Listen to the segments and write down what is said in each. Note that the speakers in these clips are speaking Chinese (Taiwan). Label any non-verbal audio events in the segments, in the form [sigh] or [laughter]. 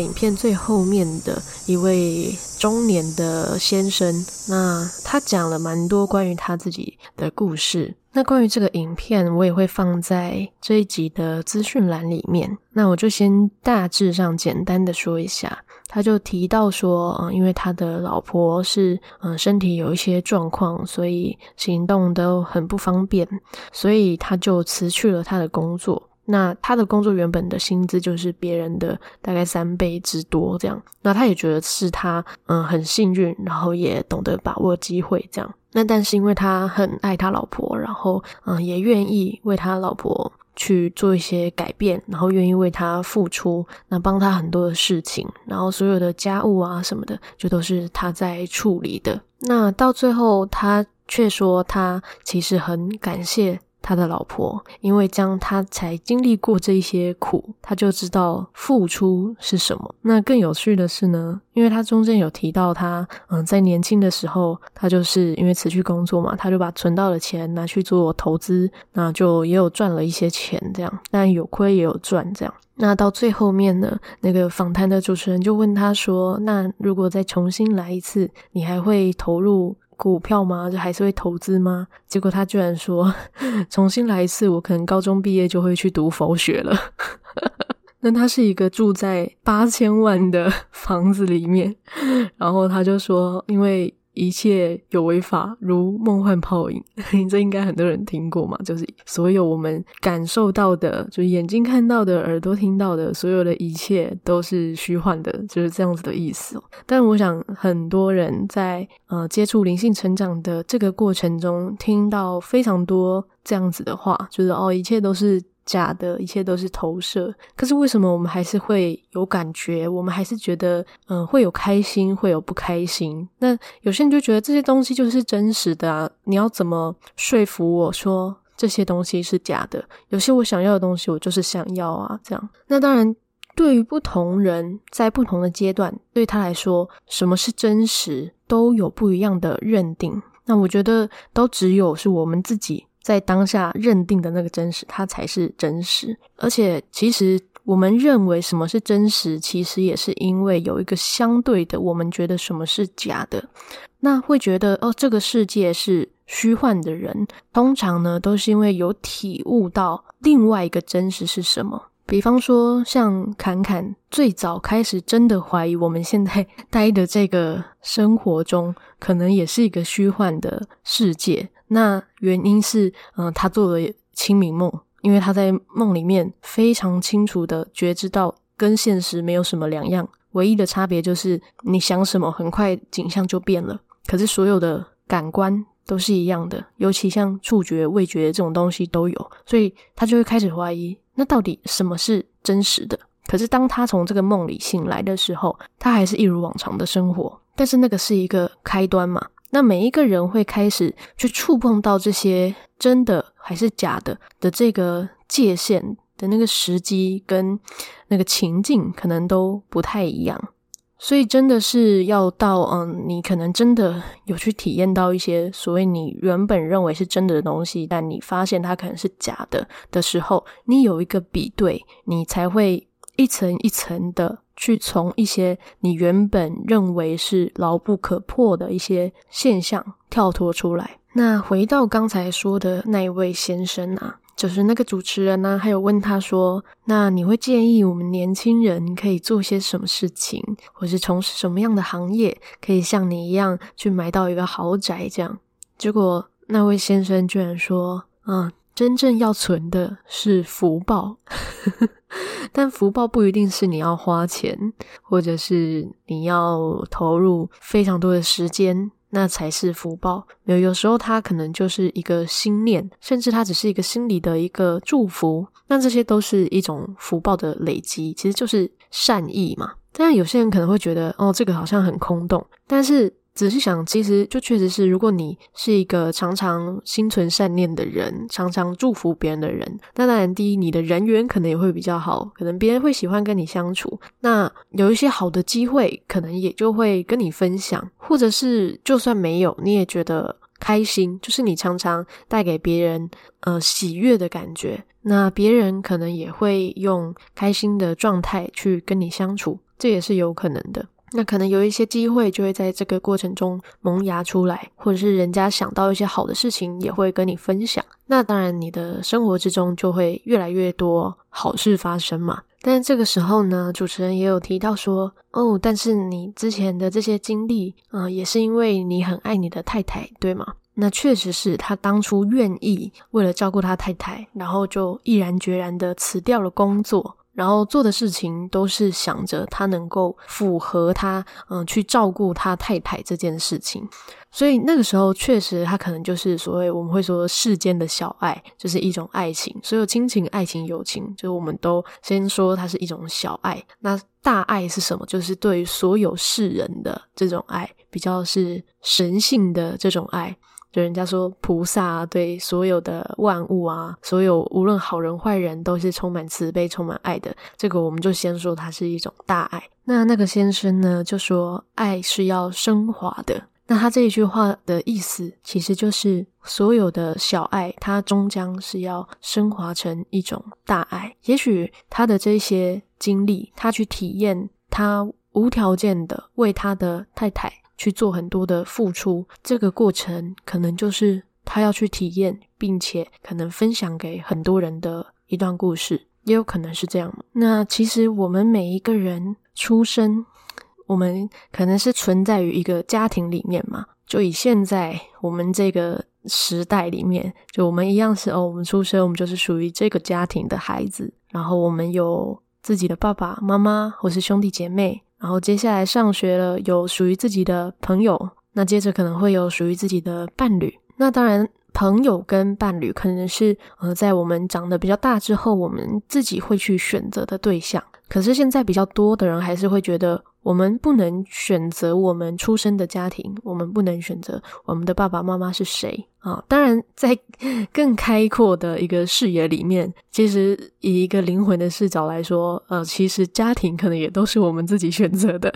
影片最後面的一位中年的先生，那他講了蠻多關於他自己的故事。那關於這個影片，我也會放在這一集的資訊欄裡面。那我就先大致上簡單的說一下，他就提到說，嗯，因為他的老婆是，嗯，身體有一些狀況，所以行動都很不方便，所以他就辭去了他的工作。那他的工作原本的薪資就是別人的大概三倍之多，這樣。那他也覺得是他，嗯，很幸運，然後也懂得把握機會，這樣。那但是因為他很愛他老婆，然後，嗯，也願意為他老婆去做一些改變，然後願意為他付出，那幫他很多的事情，然後所有的家務啊什麼的，就都是他在處理的。那到最後，他卻說他其實很感謝。他的老婆，因為這樣他才經歷過這一些苦，他就知道付出是什麼。那更有趣的是呢，因為他中間有提到他，嗯，在年輕的時候，他就是因為辭去工作嘛，他就把存到的錢拿去做投資，那就也有賺了一些錢，這樣，但有虧也有賺，這樣。那到最後面呢，那個訪談的主持人就問他說：“那如果再重新來一次，你還會投入？”股票嗎？就還是會投資嗎？結果他居然說，重新來一次，我可能高中畢業就會去讀佛學了。那 [laughs] 他是一個住在八千萬的房子裡面，然後他就說，因為。一切有為法，如夢幻泡影。 [laughs] 這應該很多人聽過嘛，就是所有我們感受到的，就是眼睛看到的，耳朵聽到的，所有的一切都是虛幻的，就是這樣子的意思。但我想很多人在呃接觸靈性成長的這個過程中，聽到非常多這樣子的話，就是哦，一切都是。假的，一切都是投射。可是為什麼我們還是會有感覺？我們還是覺得，嗯、呃，會有開心，會有不開心。那有些人就覺得這些東西就是真實的啊！你要怎麼說服我說這些東西是假的？有些我想要的東西，我就是想要啊，這樣。那當然，對於不同人，在不同的階段，對他來說，什麼是真實，都有不一樣的認定。那我覺得，都只有是我們自己。在當下認定的那個真實，它才是真實。而且，其實我們認為什麼是真實，其實也是因為有一個相對的，我們覺得什麼是假的。那會覺得哦，這個世界是虛幻的人，通常呢都是因為有體悟到另外一個真實是什麼。比方說像侃侃，像侃侃最早開始真的懷疑我們現在待的這個生活中，可能也是一個虛幻的世界。那原因是，嗯、呃，他做了清明夢，因為他在夢裡面非常清楚地覺知到跟現實沒有什麼兩樣，唯一的差別就是你想什麼，很快景象就變了。可是所有的感官都是一樣的，尤其像觸覺、味覺這種東西都有，所以他就會開始懷疑，那到底什麼是真實的？可是當他從這個夢裡醒來的時候，他還是一如往常的生活。但是那個是一個開端嘛。那每一個人會開始去觸碰到這些真的還是假的的這個界限的那個時機跟那個情境，可能都不太一樣。所以真的是要到嗯，你可能真的有去體驗到一些所謂你原本認為是真的東西，但你發現它可能是假的的時候，你有一個比對，你才會。一層一層的去從一些你原本認為是牢不可破的一些現象跳脫出來。那回到剛才說的那一位先生啊，就是那個主持人呢、啊，還有問他說：“那你會建議我們年輕人可以做些什麼事情，或是從事什麼樣的行業，可以像你一樣去買到一個豪宅？”這樣，結果那位先生居然說：“嗯。”真正要存的是福報， [laughs] 但福報不一定是你要花錢，或者是你要投入非常多的時間，那才是福報。有有時候它可能就是一個心念，甚至它只是一個心裡的一個祝福，那這些都是一種福報的累積，其實就是善意嘛。當然，有些人可能會覺得，哦，這個好像很空洞，但是。仔細想，其實就確實是，如果你是一個常常心存善念的人，常常祝福別人的人，那當然第一，你的人緣可能也會比較好，可能別人會喜歡跟你相處。那有一些好的機會，可能也就會跟你分享，或者是就算沒有，你也覺得開心，就是你常常帶給別人呃喜悅的感覺，那別人可能也會用開心的狀態去跟你相處，這也是有可能的。那可能有一些機會就會在這個過程中萌芽出來，或者是人家想到一些好的事情也會跟你分享。那當然，你的生活之中就會越來越多好事發生嘛。但這個時候呢，主持人也有提到說，哦，但是你之前的這些經歷，啊、呃，也是因為你很愛你的太太，對嗎？那確實是他當初願意為了照顧他太太，然後就毅然決然的辭掉了工作。然後做的事情都是想着他能夠符合他，嗯，去照顧他太太這件事情。所以那個時候，確實他可能就是所謂我們會說世間的小愛，就是一種愛情。所有親情、愛情、友情，就是我們都先說它是一種小愛。那大愛是什麼？就是對於所有世人的這種愛，比較是神性的這種愛。就人家說菩薩啊，對所有的萬物啊，所有無論好人壞人都是充滿慈悲、充滿愛的。這個我們就先說它是一種大愛。那那個先生呢，就說愛是要升華的。那他這一句話的意思，其實就是所有的小愛，它終將是要升華成一種大愛。也許他的這些經歷，他去體驗，他無條件的為他的太太。去做很多的付出，這個過程可能就是他要去體驗，並且可能分享給很多人的一段故事，也有可能是這樣嘛。那其實我們每一個人出生，我們可能是存在於一個家庭裡面嘛，就以現在我們這個時代裡面，就我們一樣是，哦，我們出生，我們就是屬於這個家庭的孩子，然後我們有自己的爸爸媽媽，或是兄弟姐妹。然後接下來上學了，有屬於自己的朋友，那接着可能會有屬於自己的伴侶。那當然，朋友跟伴侶可能是呃，在我們長得比較大之後，我們自己會去選擇的對象。可是現在比較多的人還是會覺得，我們不能選擇我們出生的家庭，我們不能選擇我們的爸爸媽媽是誰啊、呃。當然，在更開闊的一個視野裡面，其實以一個靈魂的視角來說，呃，其實家庭可能也都是我們自己選擇的。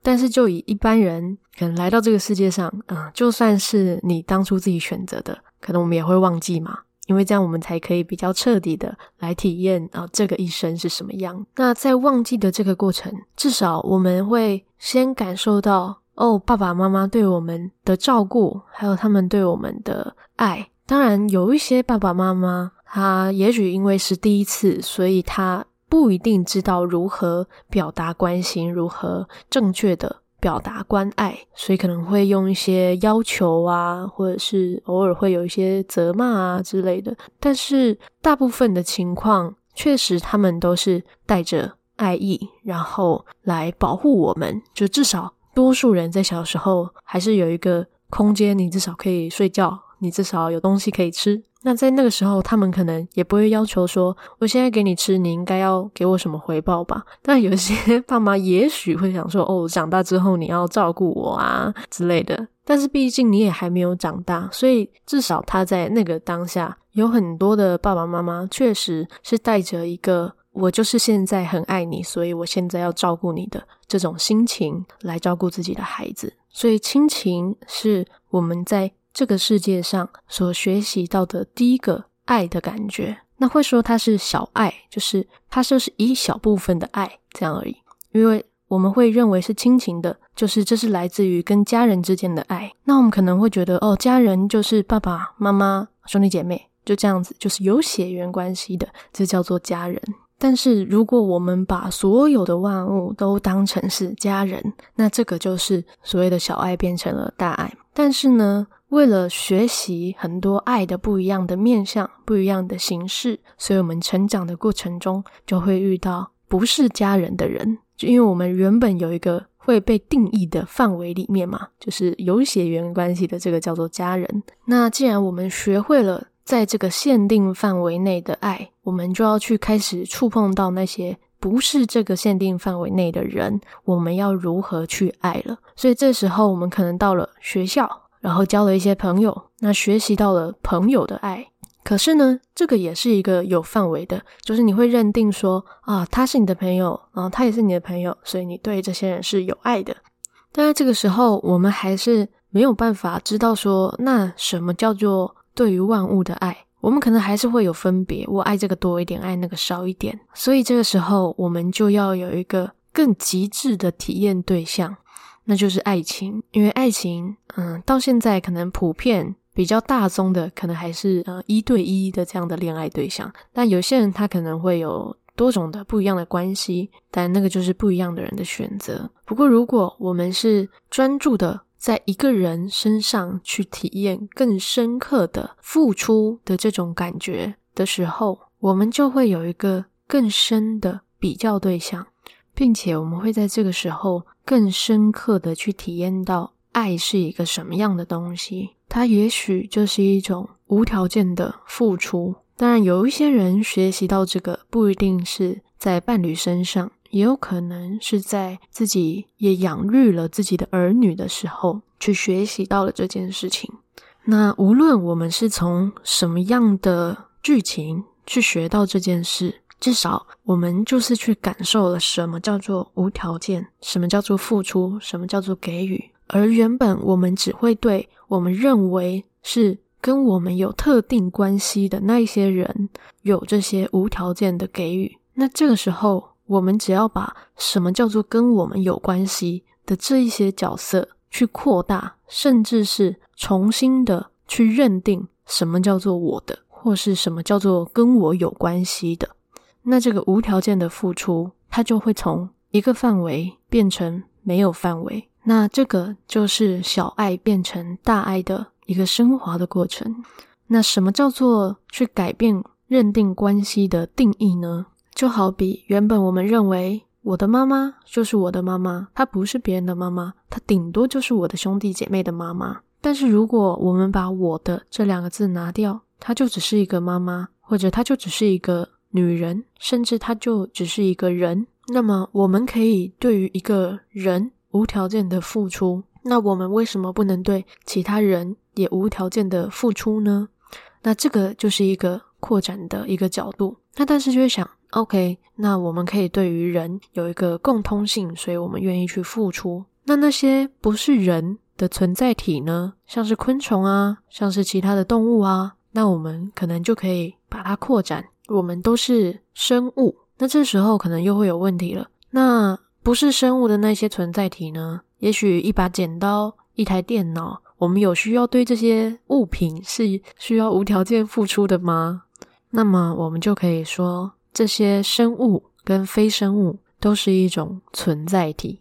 但是就以一般人可能來到這個世界上啊、呃，就算是你當初自己選擇的，可能我們也會忘記嘛。因為這樣，我們才可以比較徹底的來體驗啊，這個一生是什麼樣。那在忘記的這個過程，至少我們會先感受到哦，爸爸媽媽對我們的照顧，還有他們對我們的愛。當然，有一些爸爸媽媽，他也許因為是第一次，所以他不一定知道如何表達關心，如何正確的。表達關愛，所以可能會用一些要求啊，或者是偶爾會有一些責罵啊之類的。但是大部分的情況，確實他們都是帶着愛意，然後來保護我們。就至少多數人在小時候還是有一個空間，你至少可以睡覺。你至少有東西可以吃。那在那個時候，他們可能也不會要求說：“我現在給你吃，你應該要給我什麼回報吧？”但有些 [laughs] 爸媽也許會想說：“哦，長大之後你要照顧我啊之類的。”但是畢竟你也還沒有長大，所以至少他在那個當下，有很多的爸爸媽媽確實是帶着一個“我就是現在很愛你，所以我現在要照顧你的”這種心情來照顧自己的孩子。所以親情是我們在。這個世界上所學習到的第一個愛的感覺，那會說它是小愛，就是它就是一小部分的愛這樣而已。因為我們會認為是親情的，就是這是來自於跟家人之間的愛。那我們可能會覺得，哦，家人就是爸爸媽媽、兄弟姐妹，就這樣子，就是有血緣關係的，這叫做家人。但是如果我們把所有的萬物都當成是家人，那這個就是所謂的小愛變成了大愛。但是呢，為了學習很多愛的不一樣的面向，不一樣的形式，所以我們成長的過程中就會遇到不是家人的人。就因為我們原本有一個會被定義的範圍裡面嘛，就是有血緣關係的這個叫做家人。那既然我們學會了在這個限定範圍內的愛，我們就要去開始觸碰到那些不是這個限定範圍內的人，我們要如何去愛了？所以這時候我們可能到了學校。然後交了一些朋友，那學習到了朋友的愛。可是呢，這個也是一個有範圍的，就是你會認定說啊，他是你的朋友，啊，他也是你的朋友，所以你對這些人是有愛的。但是這個時候，我們還是沒有辦法知道說，那什麼叫做對於萬物的愛。我們可能還是會有分別，我愛這個多一點，愛那個少一點。所以這個時候，我們就要有一個更極致的體驗對象。那就是愛情，因為愛情，嗯，到現在可能普遍比較大宗的，可能還是呃、嗯、一對一的這樣的戀愛對象。但有些人他可能會有多種的不一樣的關係，但那個就是不一樣的人的選擇。不過，如果我們是專注的在一個人身上去體驗更深刻的付出的這種感覺的時候，我們就會有一個更深的比較對象。並且，我們會在這個時候更深刻的去體驗到愛是一個什麼樣的東西。它也許就是一種無條件的付出。當然，有一些人學習到這個，不一定是在伴侶身上，也有可能是在自己也養育了自己的兒女的時候，去學習到了這件事情。那無論我們是從什麼樣的劇情去學到這件事，至少我們就是去感受了什麼叫做無條件，什麼叫做付出，什麼叫做給予。而原本我們只會對我們認為是跟我們有特定關係的那一些人有這些無條件的給予。那這個時候，我們只要把什麼叫做跟我們有關係的這一些角色去擴大，甚至是重新的去認定什麼叫做我的，或是什麼叫做跟我有關係的。那這個無條件的付出，它就會從一個範圍變成沒有範圍。那這個就是小愛變成大愛的一個昇華的過程。那什麼叫做去改變認定關係的定義呢？就好比原本我們認為我的媽媽就是我的媽媽，她不是別人的媽媽，她頂多就是我的兄弟姐妹的媽媽。但是如果我們把“我的”這兩個字拿掉，她就只是一個媽媽，或者她就只是一個。女人，甚至她就只是一個人。那麼，我們可以對於一個人無條件的付出，那我們為什麼不能對其他人也無條件的付出呢？那這個就是一個擴展的一個角度。那但是就會想，OK，那我們可以對於人有一個共通性，所以我們願意去付出。那那些不是人的存在體呢？像是昆蟲啊，像是其他的動物啊，那我們可能就可以把它擴展。我們都是生物，那這時候可能又會有問題了。那不是生物的那些存在體呢？也許一把剪刀、一台電腦，我們有需要對這些物品是需要無條件付出的嗎？那麼我們就可以說，這些生物跟非生物都是一種存在體，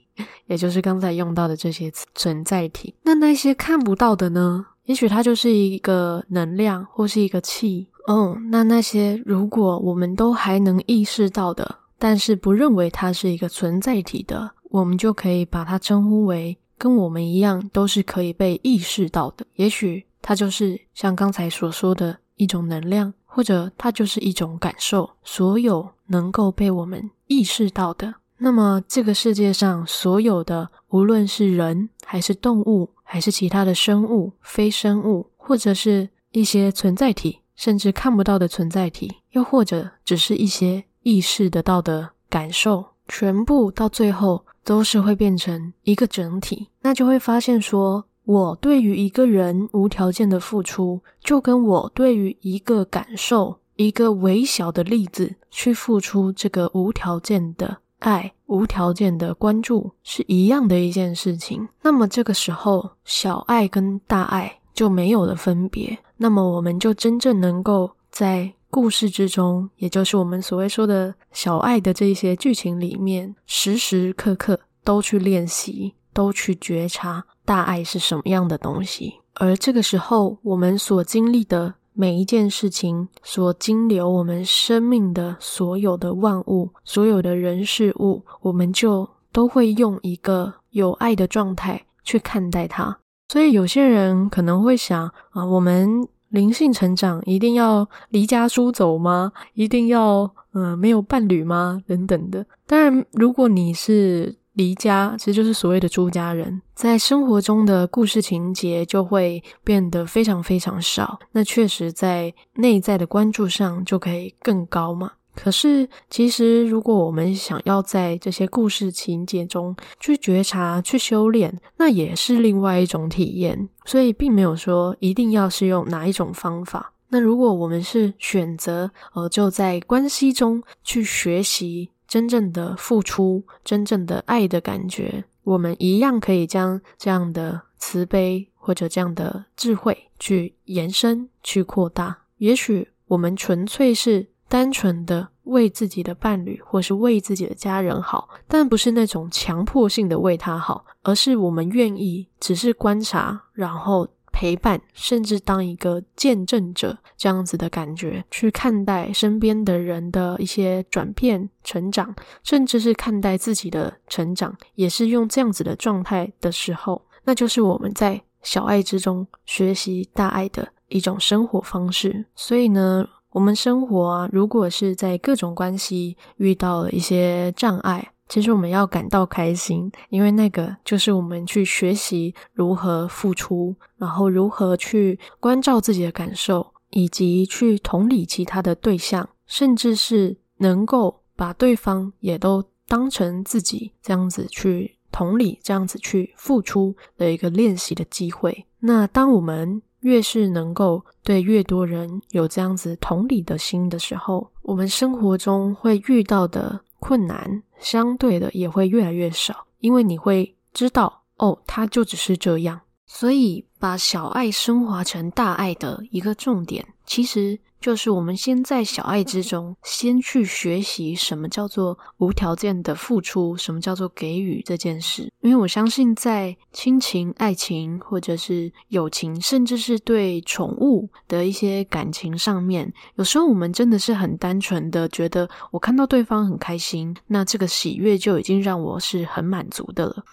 也就是剛才用到的這些存在體。那那些看不到的呢？也許它就是一個能量，或是一個氣。哦，oh, 那那些如果我們都還能意識到的，但是不認為它是一個存在體的，我們就可以把它稱呼為跟我們一樣都是可以被意識到的。也許它就是像剛才所說的一種能量，或者它就是一種感受。所有能夠被我們意識到的，那麼這個世界上所有的，無論是人還是動物，還是其他的生物、非生物，或者是一些存在體。甚至看不到的存在體，又或者只是一些意識得到的感受，全部到最後都是會變成一個整體。那就會發現說，說我對於一個人無條件的付出，就跟我對於一個感受、一個微小的粒子去付出這個無條件的愛、無條件的關注是一樣的一件事情。那麼這個時候，小愛跟大愛就沒有了分別。那麼我們就真正能夠在故事之中，也就是我們所謂說的小愛的這一些劇情裡面，時時刻刻都去練習，都去覺察大愛是什麼樣的東西。而這個時候，我們所經歷的每一件事情，所經流我們生命的所有的萬物，所有的人事物，我們就都會用一個有愛的狀態去看待它。所以有些人可能會想啊，我們。靈性成長一定要離家出走嗎？一定要嗯、呃、沒有伴侶嗎？等等的。當然，如果你是離家，其實就是所謂的出家人，在生活中的故事情節就會變得非常非常少。那確實在內在的關注上就可以更高嘛。可是，其實如果我們想要在這些故事情節中去覺察、去修煉，那也是另外一種體驗。所以，並沒有說一定要是用哪一種方法。那如果我們是選擇，呃，就在關係中去學習真正的付出、真正的愛的感覺，我們一樣可以將這樣的慈悲或者這樣的智慧去延伸、去擴大。也許我們純粹是，單純的為自己的伴侶或是為自己的家人好，但不是那種強迫性的為他好，而是我們願意只是觀察，然後陪伴，甚至當一個見證者，這樣子的感覺去看待身邊的人的一些轉變、成長，甚至是看待自己的成長，也是用這樣子的狀態的時候，那就是我們在小愛之中學習大愛的一種生活方式。所以呢。我們生活啊，如果是在各種關係遇到了一些障礙，其實我們要感到開心，因為那個就是我們去學習如何付出，然後如何去關照自己的感受，以及去同理其他的對象，甚至是能夠把對方也都當成自己這樣子去同理，這樣子去付出的一個練習的機會。那當我們。越是能夠對越多人有這樣子同理的心的時候，我們生活中會遇到的困難，相對的也會越來越少，因為你會知道，哦，他就只是這樣。所以，把小愛升華成大愛的一個重點，其實。就是我們先在小愛之中，先去學習什麼叫做無條件的付出，什麼叫做給予這件事。因為我相信，在親情、愛情或者是友情，甚至是對寵物的一些感情上面，有時候我們真的是很單純的，覺得我看到對方很開心，那這個喜悅就已經讓我是很滿足的了。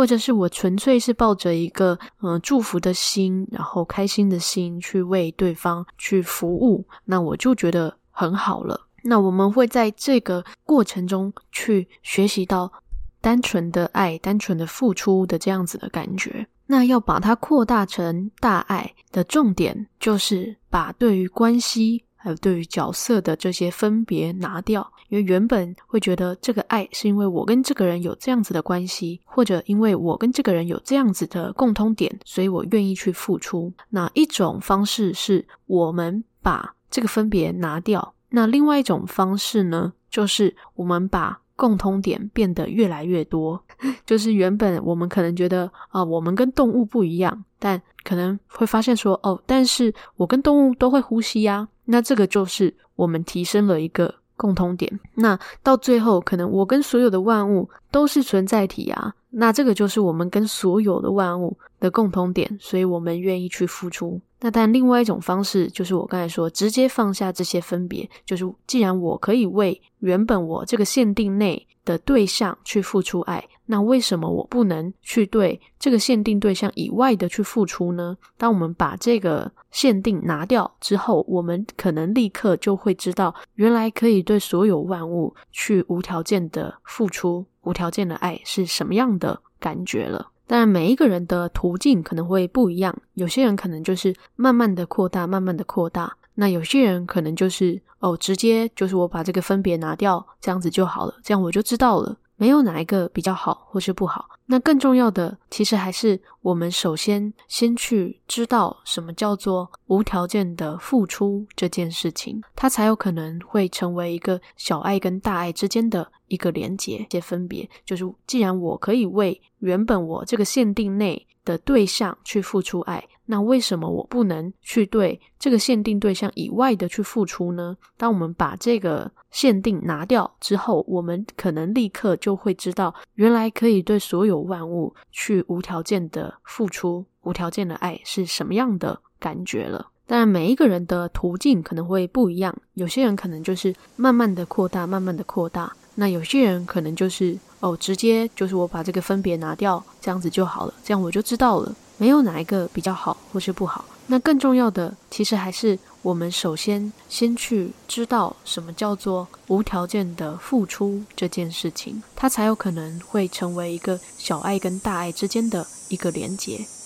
或者是我純粹是抱着一個嗯、呃、祝福的心，然後開心的心去為對方去服務，那我就覺得很好了。那我們會在這個過程中去學習到單純的愛、單純的付出的這樣子的感覺。那要把它擴大成大愛的重點，就是把對於關係，還有對於角色的這些分別拿掉，因為原本會覺得這個愛是因為我跟這個人有這樣子的關係，或者因為我跟這個人有這樣子的共通點，所以我願意去付出。那一種方式是我們把這個分別拿掉，那另外一種方式呢，就是我們把共通點變得越來越多。 [laughs] 就是原本我們可能覺得啊、呃，我們跟動物不一樣，但可能會發現說哦，但是我跟動物都會呼吸呀、啊。那這個就是我們提升了一個共同點。那到最後，可能我跟所有的萬物都是存在體啊。那這個就是我們跟所有的萬物的共同點，所以我們願意去付出。那但另外一種方式就是我剛才說，直接放下這些分別，就是既然我可以為原本我這個限定內的對象去付出愛，那為什麼我不能去對這個限定對象以外的去付出呢？當我們把這個限定拿掉之後，我們可能立刻就會知道，原來可以對所有萬物去無條件的付出，無條件的愛是什麼樣的感覺了。當然，但每一個人的途徑可能會不一樣。有些人可能就是慢慢的擴大，慢慢的擴大。那有些人可能就是哦，直接就是我把這個分別拿掉，這樣子就好了，這樣我就知道了。沒有哪一個比較好或是不好，那更重要的其實還是我們首先先去知道什麼叫做無條件的付出這件事情，它才有可能會成為一個小愛跟大愛之間的一個連接，一些分別。就是既然我可以為原本我這個限定內的對象去付出愛。那為什麼我不能去對這個限定對象以外的去付出呢？當我們把這個限定拿掉之後，我們可能立刻就會知道，原來可以對所有萬物去無條件的付出、無條件的愛是什麼樣的感覺了。當然，每一個人的途徑可能會不一樣，有些人可能就是慢慢的擴大、慢慢的擴大，那有些人可能就是哦，直接就是我把這個分別拿掉，這樣子就好了，這樣我就知道了。沒有哪一個比較好或是不好，那更重要的其實還是我們首先先去知道什麼叫做無條件的付出這件事情，它才有可能會成為一個小愛跟大愛之間的一個連結。